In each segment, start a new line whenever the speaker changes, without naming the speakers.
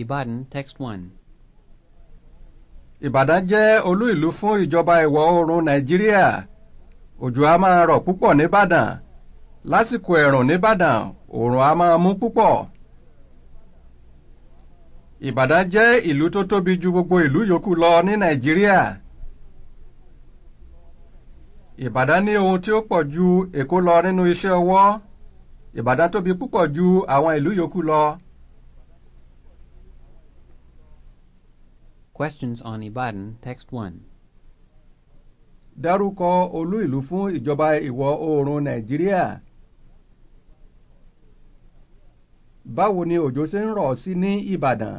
Ìbàdàn text one. Ìbàdàn jẹ́ olú ìlú fún ìjọba ìwọ̀ oòrùn Nàìjíríà. Òjò a máa rọ̀ púpọ̀ nìbàdàn. Lásìkò ẹ̀rùn nìbàdàn, oòrùn a máa mú púpọ̀. Ìbàdàn jẹ́ ìlú tó tóbi ju gbogbo ìlú yòókù lọ ní Nàìjíríà. Ìbàdàn ní ohun tí ó pọ̀ ju Èkó lọ nínú iṣẹ́ ọwọ́. Ìbàdàn tóbi púpọ̀ ju àwọn ìlú yòókù lọ. Questions on Ibadan, Text 1. Dárúkọ olú ìlú fún ìjọba ìwọ̀ oòrùn Nàìjíríà. Báwo ni òjò ṣe ń rọ̀ sí ní Ìbàdàn?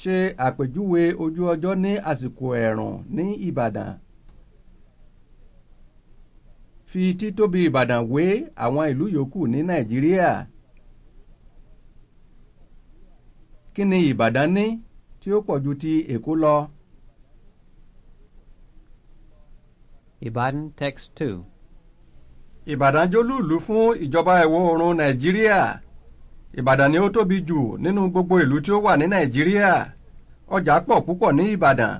Ṣe àpèjúwe ojú ọjọ́ ní àsìkò ẹ̀ẹ̀rùn ní Ìbàdàn. Fi títóbi Ìbàdàn wé àwọn ìlú yòókù ní Nàìjíríà. kí ni Ìbàdàn ní tí ó pọ̀ ju ti Èkó lọ? Ìbàdàn text two. Ìbàdàn jólúùlú fún ìjọba ìwọ̀ oòrùn Nàìjíríà. Ìbàdàn ni ó tóbi jù nínú gbogbo ìlú tí ó wà ní Nàìjíríà. Ọjà pọ̀ púpọ̀ ní Ìbàdàn.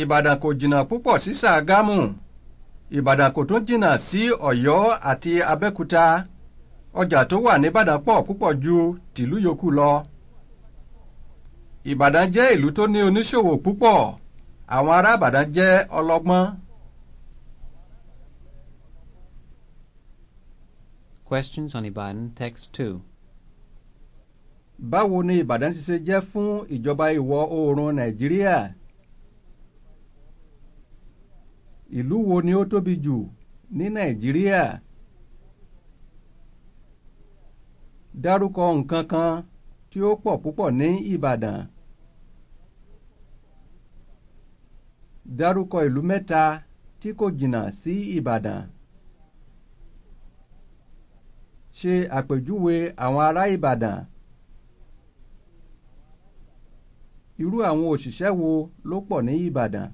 Ìbàdàn kò jìnnà púpọ̀ sí Ṣàgámù. Ìbàdàn kò tún jìnnà sí Ọ̀yọ́ àti Abẹ́òkúta. ọjà tó wà nìbàdàn pọ̀ púpọ̀ ju tìlú yòókù lọ. ìbàdàn jẹ́ ìlú tó ní oníṣòwò púpọ̀ àwọn ará ìbàdàn jẹ́ ọlọ́gbọ́n. Questions on Ibadan, text two. Báwo ni Ìbàdàn ti ṣe jẹ́ fún ìjọba ìwọ̀ oòrùn Nàìjíríà? Ìlú wo ni ó tóbi jù ní Nàìjíríà? dárúkọ nǹkan kan tí ó pọ̀ púpọ̀ ní ìbàdàn. dárúkọ ìlú mẹ́ta tí kò jìnnà sí ìbàdàn. ṣe àpèjúwe àwọn ará ìbàdàn. irú àwọn òṣìṣẹ́ wo ló pọ̀ ní ìbàdàn?